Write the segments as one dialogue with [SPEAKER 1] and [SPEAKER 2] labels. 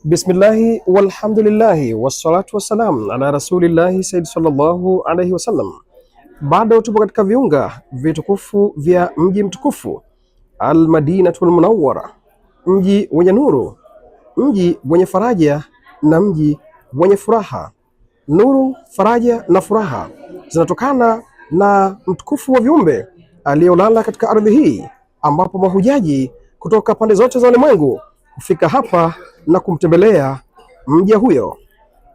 [SPEAKER 1] Bismillahi walhamdulillahi wassalatu wassalam ala rasulillahi sayyid sallallahu alayhi wasallam. Bado tupo katika viunga vitukufu vya mji mtukufu Almadinatul Munawwara, mji wenye nuru, mji wenye faraja na mji wenye furaha. Nuru, faraja na furaha zinatokana na mtukufu wa viumbe aliyolala katika ardhi hii, ambapo mahujaji kutoka pande zote za ulimwengu kufika hapa na kumtembelea mja huyo.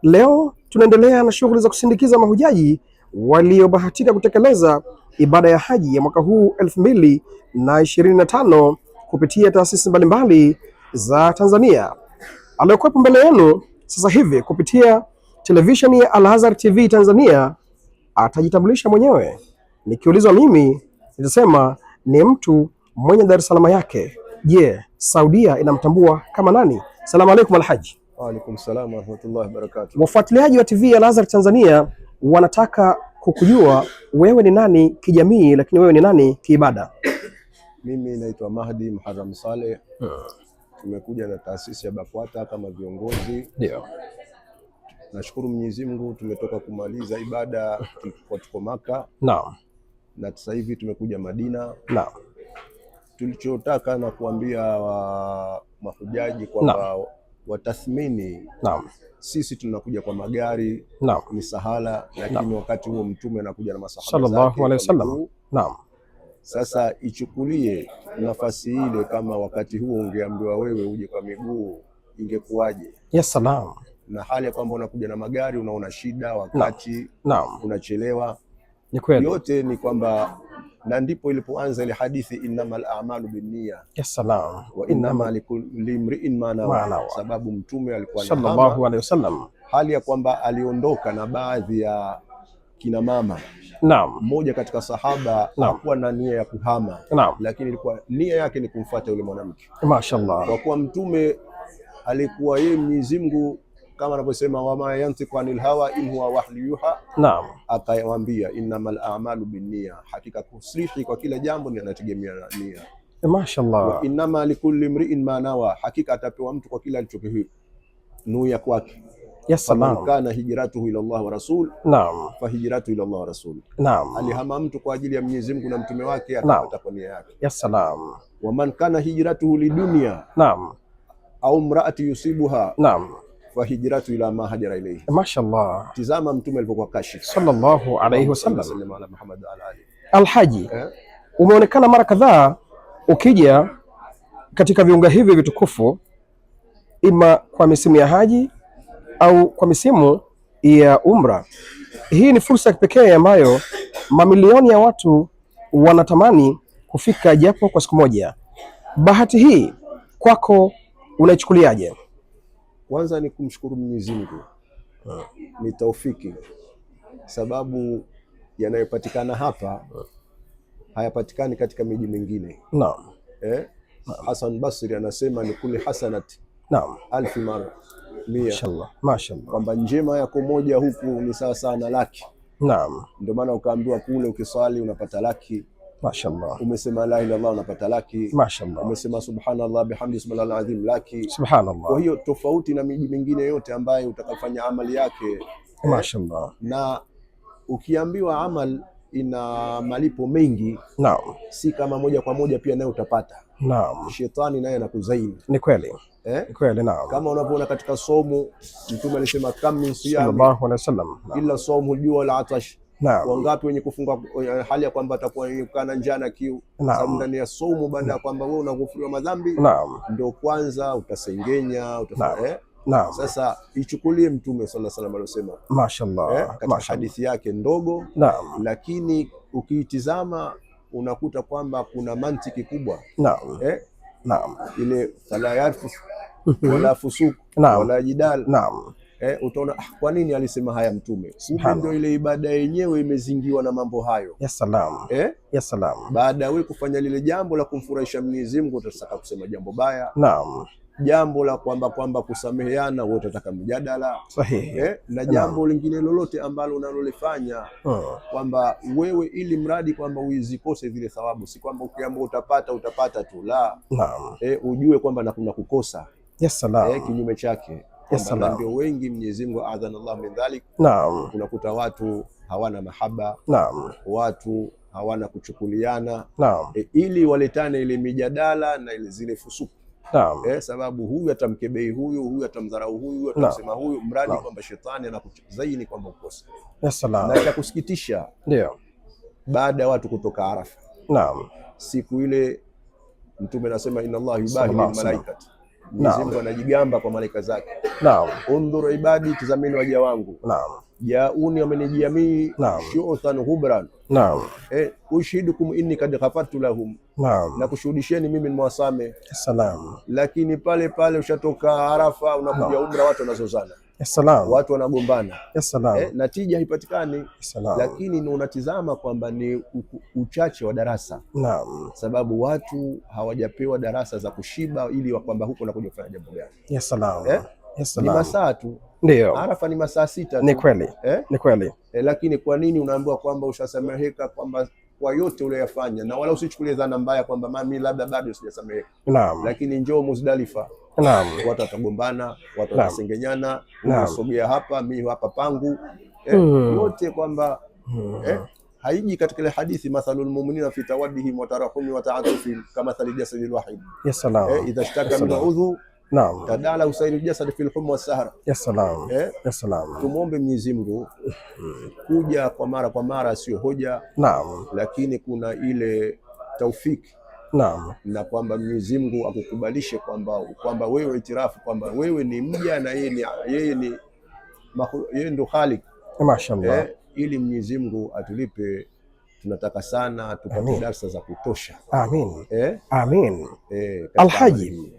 [SPEAKER 1] Leo tunaendelea na shughuli za kusindikiza mahujaji waliobahatika kutekeleza ibada ya haji ya mwaka huu elfu mbili na ishirini na tano kupitia taasisi mbalimbali za Tanzania. Aliyekuwepo mbele yenu sasa hivi kupitia televisheni ya Al-Azhar TV Tanzania atajitambulisha mwenyewe. Nikiulizwa mimi nitasema ni mtu mwenye Dar es Salaam yake Je, yeah, Saudia inamtambua kama nani? Salamu alaykum Alhaji.
[SPEAKER 2] Wa alaykum salaam wa rahmatullahi wa barakatuh.
[SPEAKER 1] Wafuatiliaji wa TV ya Al-Azhar Tanzania wanataka kukujua wewe ni nani kijamii, lakini wewe ni nani kiibada?
[SPEAKER 2] Mimi naitwa Mahdi Muharram Saleh. Hmm. Tumekuja na taasisi ya BAKWATA kama viongozi. Ndio. Nashukuru Mwenyezi Mungu tumetoka kumaliza ibada, tulikuwa tuko Maka. Naam. Na sasa hivi tumekuja Madina. Naam tulichotaka na kuambia wa mahujaji kwamba watathmini Naam. Sisi tunakuja kwa magari Naam. ni sahala, lakini wakati huo mtume anakuja na masahaba
[SPEAKER 1] sallallahu alaihi wasallam. Naam.
[SPEAKER 2] Sasa ichukulie nafasi ile, kama wakati huo ungeambiwa wewe uje kwa miguu ingekuwaje? Ya salam, na hali ya kwamba unakuja na magari, unaona shida wakati Naam. Naam. unachelewa. Ni kweli, yote ni kwamba na ndipo ilipoanza ile hadithi innamal a'malu binniya,
[SPEAKER 1] salam
[SPEAKER 2] wa innama likulli imrin ma nawa, sababu mtume
[SPEAKER 1] alikuwa sallallahu alayhi wasallam,
[SPEAKER 2] hali ya kwamba aliondoka na baadhi ya kina mama. Naam, mmoja katika sahaba hakuwa na nia ya kuhama. Naam, lakini ilikuwa nia yake ni kumfuata yule mwanamke.
[SPEAKER 1] Mashaallah,
[SPEAKER 2] kwa kuwa mtume alikuwa yeye Mwenyezi Mungu kama anavyosema wama yantiqu anil hawa in huwa wahyu yuha. Naam, akawaambia innamal a'malu binniya, hakika kusrihi kwa kila jambo ni anategemea nia.
[SPEAKER 1] Eh, Mashaallah, wa
[SPEAKER 2] innama likulli mriin ma nawa, hakika atapewa mtu kwa kila alichokinuia kwake. Yes, faman kana hijratuhu ila Allah wa rasul. Naam, fa hijratu ila Allah wa rasul. Naam, alihama mtu kwa ajili ya Mwenyezi Mungu na mtume wake,
[SPEAKER 1] atapata kwa nia yake. Yes, salam.
[SPEAKER 2] Wa man kana hijratuhu lidunya. Naam, au mraati yusibuha. Naam hijratu ila ma hajara ilayhi.
[SPEAKER 1] Mashallah.
[SPEAKER 2] tizama mtume
[SPEAKER 1] alipokuwa kashif sallallahu alayhi wasallam. Alhaji eh? umeonekana mara kadhaa ukija katika viunga hivi vitukufu, ima kwa misimu ya haji au kwa misimu ya umra. Hii ni fursa ya kipekee ambayo mamilioni ya watu wanatamani kufika japo kwa siku moja. Bahati hii kwako unaichukuliaje?
[SPEAKER 2] Kwanza ni kumshukuru Mwenyezi Mungu ah. ni taufiki, sababu yanayopatikana hapa hayapatikani katika miji mingine. Naam. Eh? Hasan Basri anasema ni kuli hasanat naam alfi mara
[SPEAKER 1] mia. Mashaallah,
[SPEAKER 2] mashaallah, kwamba njema yako moja huku ni sawa sawa na laki. Naam, ndio maana ukaambiwa kule ukiswali unapata laki Mashallah. Umesema la ilaha illallah unapata laki. Mashallah. Umesema subhanallah bihamdi subhanallah azim laki. Subhanallah. Kwa hiyo tofauti na miji mingine yote ambayo utakafanya amali yake.
[SPEAKER 1] Mashallah. Eh,
[SPEAKER 2] Na ukiambiwa amal ina malipo mengi. Naam. Si kama moja kwa moja pia naye utapata. Naam. Shetani naye anakuzaini. Ni kweli. Eh? Ni kweli naam. Kama unavyoona katika somo Mtume alisema kam min siyam
[SPEAKER 1] sallallahu alaihi wasallam
[SPEAKER 2] illa sawmul jua wal atash wangapi wenye kufunga eh, hali ya kwamba atakuwa wenye njaa na kiu ndani ya somo baada ya kwamba wewe unakufuriwa madhambi, ndio kwanza utasengenya utafanya eh? Naam. Sasa ichukulie Mtume sallallahu salam wasallam aliyosema,
[SPEAKER 1] mashaallah eh, katika
[SPEAKER 2] Masha hadithi yake ndogo Naam. Lakini ukiitizama unakuta kwamba kuna mantiki kubwa Naam. Eh? Naam. Ile fala yarfus wala fusuku wala jidal Naam eh, utaona ah, kwa nini alisema haya Mtume? Kumbe ndio ile ibada yenyewe imezingiwa na mambo hayo ya salam. eh? ya salam. Baada ya wewe kufanya lile jambo la kumfurahisha Mwenyezi Mungu, utataka kusema jambo baya. Naam jambo la kwamba kwamba kusameheana, wewe utataka mjadala sahihi eh, na jambo no. lingine lolote ambalo unalolifanya uh. kwamba wewe ili mradi kwamba uizikose zile thawabu, si kwamba ukiamua utapata utapata tu la no. eh, ujue kwamba na kuna kukosa yes, eh, kinyume chake yes, ndio wengi Mwenyezi Mungu Allah min dhalik. Naam, unakuta watu hawana mahaba. Naam, watu hawana kuchukuliana. Naam, e, ili waletane ile mijadala na ile zile fusuku Naam. Eh, sababu huyu atamkebei huyu, huyu atamdharau huyu, huyu atamsema huyu, mradi kwamba shetani anakuzaini kwamba ukose. Yes, na cha kusikitisha ndio baada ya watu kutoka Arafa. Naam. Siku ile Mtume anasema inna Allah yubahi malaikati Mwenyezi Mungu anajigamba kwa malaika zake. Naam. Undhuru ibadi, tazameni waja wangu. Naam jauni wamenijamii shu'than hubran naam, eh ushidukum inni kad ghafartu lahum naam, na kushuhudisheni mimi nimewasame
[SPEAKER 1] salam.
[SPEAKER 2] Lakini pale pale ushatoka Arafa unakuja umra, watu wanazozana salam, watu wanagombana salam, eh, natija haipatikani salam. Lakini ni unatizama kwamba ni uchache wa darasa naam, sababu watu hawajapewa darasa za kushiba, ili kwamba huko nakuja kufanya jambo gani salam eh? yes, ni masaa tu ndio Arafa ni masaa sita. Ni kweli eh? Ni kweli eh, lakini kwa nini unaambiwa kwamba ushasameheka kwamba kwa yote uliyofanya, na wala usichukulie dhana mbaya kwamba mami labda bado sijasameheka. Naam, lakini njoo Muzdalifa. Naam, watu watagombana, watu watasengenyana,
[SPEAKER 1] unasogea
[SPEAKER 2] hapa, mimi hapa pangu eh, mm. yote kwamba mm. eh, haiji katika ile hadithi mathalul mu'minina fi tawaddihim wa tarahumi wa ta'atufihim kama thali jasadil wahid.
[SPEAKER 1] Yes, salaam. eh,
[SPEAKER 2] idha ishtaka min udhu Naam. Tadala usairu jasad fil wa wasahara.
[SPEAKER 1] Ya salam. Eh? Ya salam.
[SPEAKER 2] Tumuombe Mwenyezi Mungu kuja kwa mara kwa mara sio hoja. Naam. Lakini kuna ile taufiki
[SPEAKER 1] Naam. Na kwamba Mwenyezi Mungu akukubalishe kwamba kwamba wewe itirafu kwamba wewe ni mja na yeye ni yeye ni yeye ndo Khalik. Eh, Mashaallah. Eh, ili Mwenyezi Mungu atulipe tunataka sana tupate darsa za kutosha. Amin. Eh? Amin. Eh, Alhaji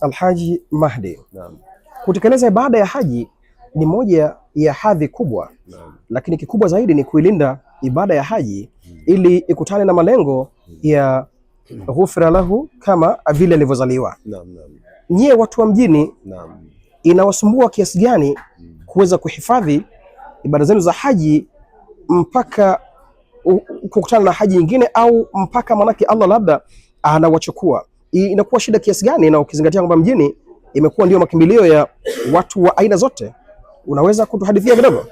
[SPEAKER 1] Alhaji Mahdi Naam. Kutekeleza ibada ya haji ni moja ya hadhi kubwa Naam. Lakini kikubwa zaidi ni kuilinda ibada ya haji hmm. ili ikutane na malengo hmm. ya ghufira lahu kama vile alivyozaliwa. Nyie watu wa mjini Naam. inawasumbua kiasi gani hmm. kuweza kuhifadhi ibada zenu za haji mpaka kukutana na haji nyingine au mpaka manake Allah labda anawachukua inakuwa shida kiasi gani, na ukizingatia kwamba mjini imekuwa ndio makimbilio ya watu wa aina zote. Unaweza kutuhadithia kidogo?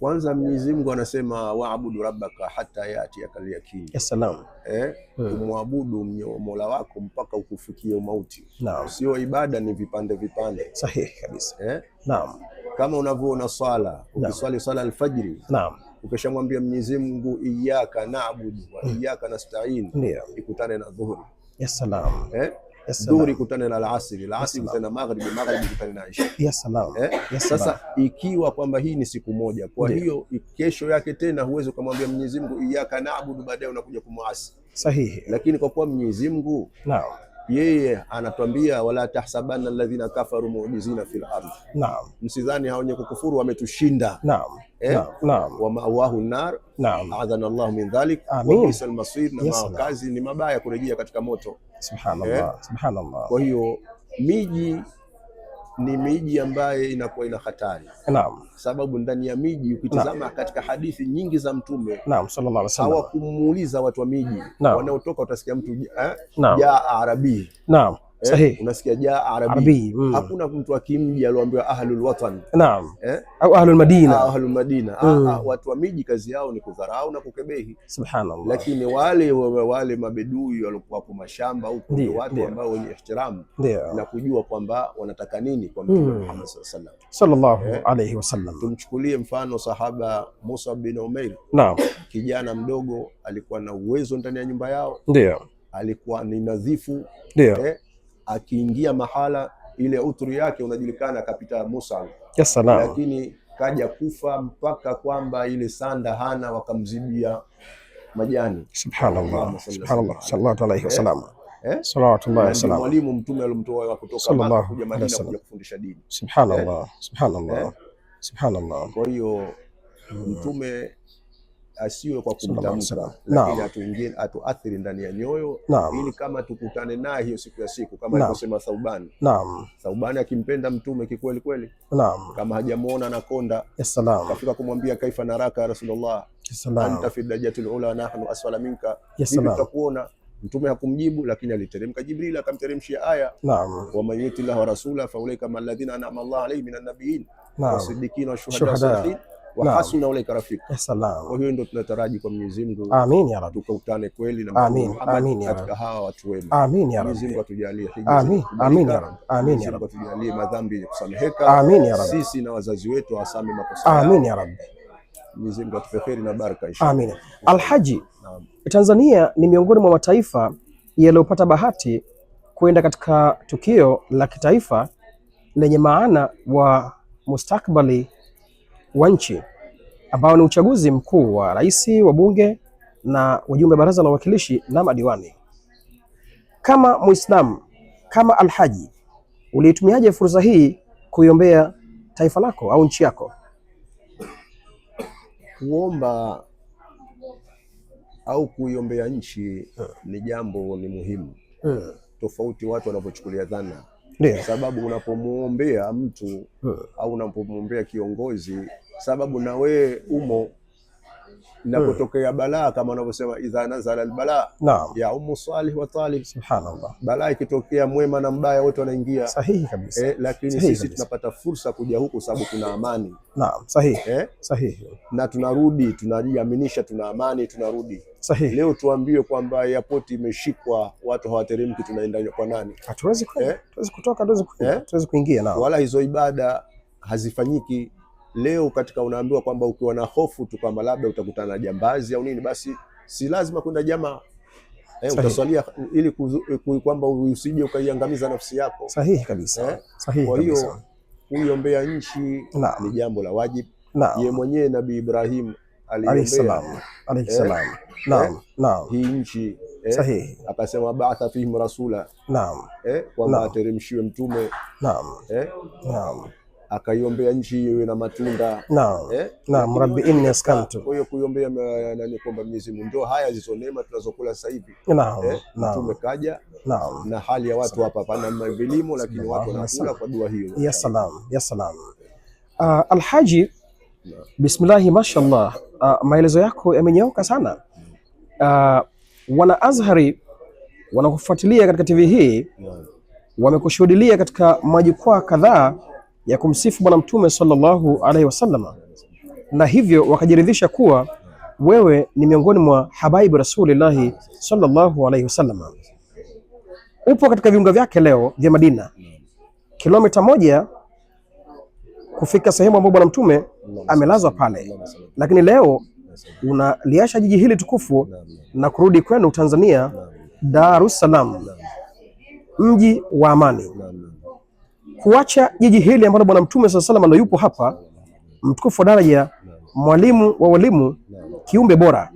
[SPEAKER 1] Kwanza Mwenyezi Mungu anasema waabudu rabbaka hata yatiyakal yakini. Yes, salam. Eh, kumwabudu hmm. Mola wako mpaka ukufikie mauti. Naam. Sio ibada ni vipande vipande. Sahihi kabisa. Eh? Naam. Kama unavyoona swala, ukiswali swala alfajiri. Naam. Ukishamwambia Mwenyezi Mungu iyyaka na'budu wa hmm. iyyaka nasta'in, ikutane na dhuhuri. Ya salam. Eh? Ya salam. kutane na alasiri, alasiri kutane na maghribi, maghribi kutane na isha. Ya salam. Eh? Ya salam. Sasa ikiwa kwamba hii ni siku moja, kwa hiyo kesho yake tena huwezi kumwambia Mwenyezi Mungu iyyaka na'budu, baadaye unakuja kumwasi. Sahihi. Lakini kwa kuwa Mwenyezi Mungu Naam yeye anatuambia wala tahsabanna alladhina kafaru mu'jizina fil ardh. Naam, msidhani hao wenye kukufuru wametushinda. Naam, eh, naam, wa ma'awahu nar. Naam, adhana Allahu min dhalik wa bisal masir, na makazi ni mabaya kurejea katika moto. Subhanallah, eh? subhanallah. Kwa hiyo miji ni miji ambaye inakuwa ina hatari. Naam. Sababu ndani ya miji ukitazama katika hadithi nyingi za Mtume Naam, sallallahu alaihi wasallam hawakumuuliza watu wa miji wanaotoka, utasikia mtu ya eh, Arabi. Naam eh, Unasikia jaa arabi, mm. hakuna mtu akimji alioambiwa ahlul watan, naam, eh, au ahlul madina, ah, ahlul madina. Ah, mm. ah, watu wa miji kazi yao ni kudharau na kukebehi, subhanallah. Lakini wale wale mabedui waliokuwa kwa mashamba huko ndio watu ambao wenye ihtiramu na kujua kwamba wanataka nini kwa Mtume mm. Muhammad sallallahu eh? alaihi wasallam. Tumchukulie mfano sahaba Musa bin Umair, naam, kijana mdogo alikuwa na uwezo ndani ya nyumba yao, ndio alikuwa ni nadhifu, ndio eh, akiingia mahala ile utri yake unajulikana kapita Musa, lakini kaja kufa mpaka kwamba ile sanda hana wakamzibia majani. Subhanallah, subhanallah, sallallahu alayhi wasallam, eh? eh? salawatullahi wasallam. Mwalimu mtume alimtoa wa kutoka Makka kuja Madina kuja kufundisha dini. Subhanallah, eh? subhanallah, subhanallah. Kwa hiyo hmm. mtume asiwe kwa kumtamka, lakini atuathiri ndani ya nyoyo, ili kama tukutane naye hiyo siku ya siku, kama alivyosema Thauban. Naam, Thauban akimpenda mtume kikweli kweli, kama hajamuona anakonda, kafika kumwambia kaifa naraka ya Rasulullah, anta fi dajatil ula nahnu asfala minka, hivi tutakuona Mtume hakumjibu lakini aliteremka Jibril akamteremshia aya, naam, wa man yuti wa rasula fa ulaika alladhina an'ama Allah alayhim minan nabiyyin wasiddiqina washuhada wa hasuna ulaika rafiq. Kwa hiyo ndio tunataraji kwa Mwenyezi Mungu. Amin ya Rabbi. Tukutane kweli na Amin. Amin ya Rabbi. hawa watu wema. Amin ya Rabbi. Mwenyezi Mungu atujalie Amin. Amin ya Rabbi. Amin ya Rabbi. Atujalie madhambi kusameheka. Amin ya Rabbi. Sisi na wazazi wetu makosa. Amin ya Rabbi. Mwenyezi Mungu na baraka Alhaji, Tanzania ni miongoni mwa mataifa yaliyopata bahati kwenda katika tukio la kitaifa lenye maana wa mustakbali wa nchi ambao ni uchaguzi mkuu wa rais, bunge na wajumbe wa baraza la wawakilishi na madiwani. Kama Muislamu, kama Alhaji, uliitumiaje fursa hii kuiombea taifa lako au nchi yako? Kuomba au kuiombea nchi ni jambo ni muhimu, hmm. Tofauti watu wanavyochukulia dhana Ndiyo. Sababu unapomwombea mtu hmm. au unapomuombea kiongozi, sababu na wewe umo inapotokea balaa kama wanavyosema idha nazala albalaa ya umu salih wa talib. Subhanallah, balaa ikitokea mwema na mbaya wote wanaingia. Sahihi kabisa. Eh, lakini sahihi sisi tunapata fursa kuja huku sababu tuna amani. Naam, sahihi. Eh? Sahihi. Na tunarudi tunajiaminisha, tuna amani, tunarudi Sahihi. Leo tuambiwe kwamba airport imeshikwa, watu hawateremki, tunaenda kwa nani? Hatuwezi kwenda, eh? tuwezi kutoka, tuwezi kuingia, eh? hatuwezi kuingia, na wala hizo ibada hazifanyiki leo katika unaambiwa kwamba ukiwa na hofu tu kwamba labda utakutana na jambazi au nini, basi si lazima kwenda jamaa eh, utaswalia ili kwamba usije ukaiangamiza nafsi yako. Sahihi kabisa eh? Sahihi. Kwa hiyo kuiombea nchi ni jambo la wajibu. Yeye mwenyewe Nabii Ibrahim alayhi eh? naam eh? naam, hii nchi eh, sahihi. Akasema baatha fihim rasula, naam eh, kwamba ateremshiwe mtume, naam eh, naam akaiombea nchi hiyo na matunda naam, eh? Naam, rabbi inni askantu. Kwa hiyo kuiombea nani, kwamba Mwenyezi Mungu ndio haya hizo neema tunazokula sasa hivi naam, eh? naam. Tumekaja naam, na hali ya watu hapa pana mavilimo lakini watu wanakula kwa dua hiyo. Ya salam ya salam. Uh, Alhaji, bismillahi mashallah, uh, maelezo yako yamenyooka sana. Uh, wana Azhari wanakufuatilia katika TV hii, wamekushuhudia katika majukwaa kadhaa ya kumsifu Bwana Mtume sallallahu alaihi wasallam, na hivyo wakajiridhisha kuwa wewe ni miongoni mwa habaibu rasulillahi sallallahu alaihi wasallam. Upo katika viunga vyake leo vya Madina, kilomita moja kufika sehemu ambayo Bwana Mtume amelazwa pale, lakini leo unaliasha jiji hili tukufu na kurudi kwenu Tanzania, Dar es Salaam, mji wa amani kuacha jiji hili ambalo Bwana Mtume sala salam ndio yupo hapa, mtukufu wa daraja, mwalimu wa walimu, kiumbe bora.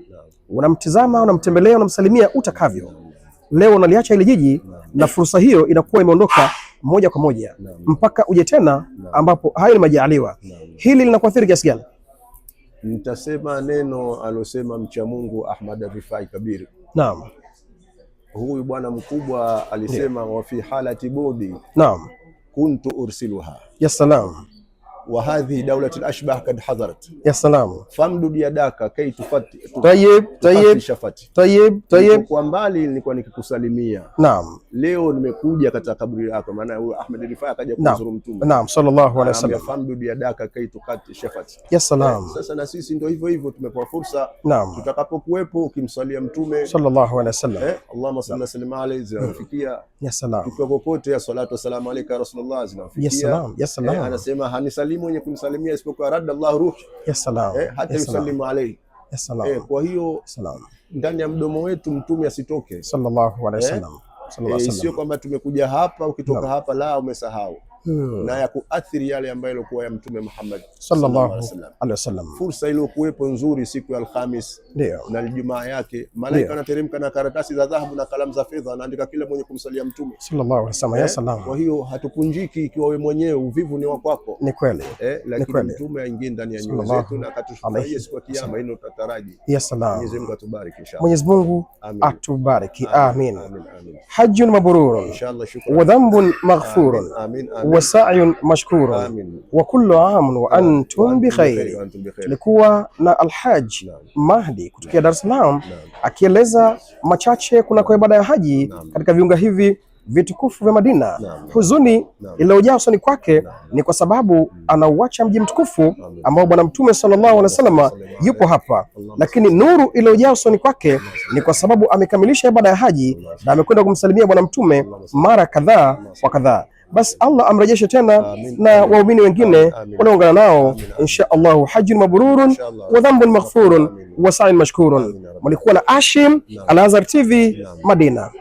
[SPEAKER 1] Unamtizama, unamtembelea, unamsalimia utakavyo. Leo unaliacha ile jiji na fursa hiyo inakuwa imeondoka moja kwa moja mpaka uje tena, ambapo hayo ni majaaliwa. Hili linakuathiri kiasi gani? Nitasema neno alosema mcha Mungu Ahmad Rifai Kabiri. Naam, huyu bwana mkubwa alisema, wa fi halati budi. Naam kuntu ursiluha. Ya salam wa hadhi dawlati al-ashbah kad hadarat ya salam famdud yadaka kay tufati tayyib tayyib shafati tayyib tayyib. Kwa mbali nilikuwa nikikusalimia. Naam, leo nimekuja katika kaburi lako, maana huyo Ahmed Rifai akaja kuzuru Mtume. Naam, sallallahu alaihi wasallam. Famdud yadaka kay tukati shafati ya salam. Eh, sasa na sisi ndio hivyo hivyo, tumepewa fursa. Naam, tutakapokuwepo ukimsalia Mtume sallallahu alaihi wasallam, eh, Allahumma salli sallim alayhi zinafikia ya salam, tukiwa popote, ya salatu wassalamu alayka rasulullah zinafikia ya salam ya eh, salam. Anasema hanisalimu mwenye kumsalimia isipokuwa radda Allah ruhi ya salam eh, hata yusallimu alayhi ya salam eh, kwa hiyo salam ndani ya mdomo wetu mtume asitoke sallallahu alayhi wasallam eh, sallallahu eh, alayhi wasallam eh, sio kwamba tumekuja hapa ukitoka no. hapa la umesahau hmm. na ya kuathiri yale ambayo yalikuwa ya Mtume Muhammad sallallahu alaihi wasallam. Fursa iliyokuwepo nzuri siku ya Alhamis na Aljumaa yake, malaika anateremka na karatasi za dhahabu na kalamu za fedha, anaandika kila mwenye kumsalia Mtume sallallahu alaihi wasallam ya eh? salam. Kwa hiyo hatukunjiki, ikiwa wewe mwenyewe uvivu ni wa kwako, ni kweli eh, lakini Mtume aingie ndani ya nyumba zetu na akatushukuru siku ya Kiyama. Hilo tutataraji ya salam. Mwenyezi Mungu atubariki inshallah, Mwenyezi Mungu atubariki, amin. Hajjun mabrurun wa dhanbun maghfurun wa mashkuru wa kullu aam wa antum bi khair. Tulikuwa na Alhaji Mahdi kutokea Dar es Salaam akieleza machache kunako ibada ya haji katika viunga hivi vitukufu vya Madina. Huzuni iliyojaa usoni kwake ni kwa sababu mm. anauacha mji mtukufu ambao Bwana Mtume sallallahu alaihi wasallam yupo hapa, lakini nuru iliyojaa usoni kwake ni kwa sababu amekamilisha ibada ya haji na amekwenda kumsalimia Bwana Mtume mara kadhaa wa kadhaa basi Allah amrejeshe tena Amin. na waumini wengine wanaungana nao insha Allahu. Hajjun mabrurun wa dhanbun maghfurun wa sa'in mashkurun. Mlikuwa na Ashim Al Azhar TV Madina.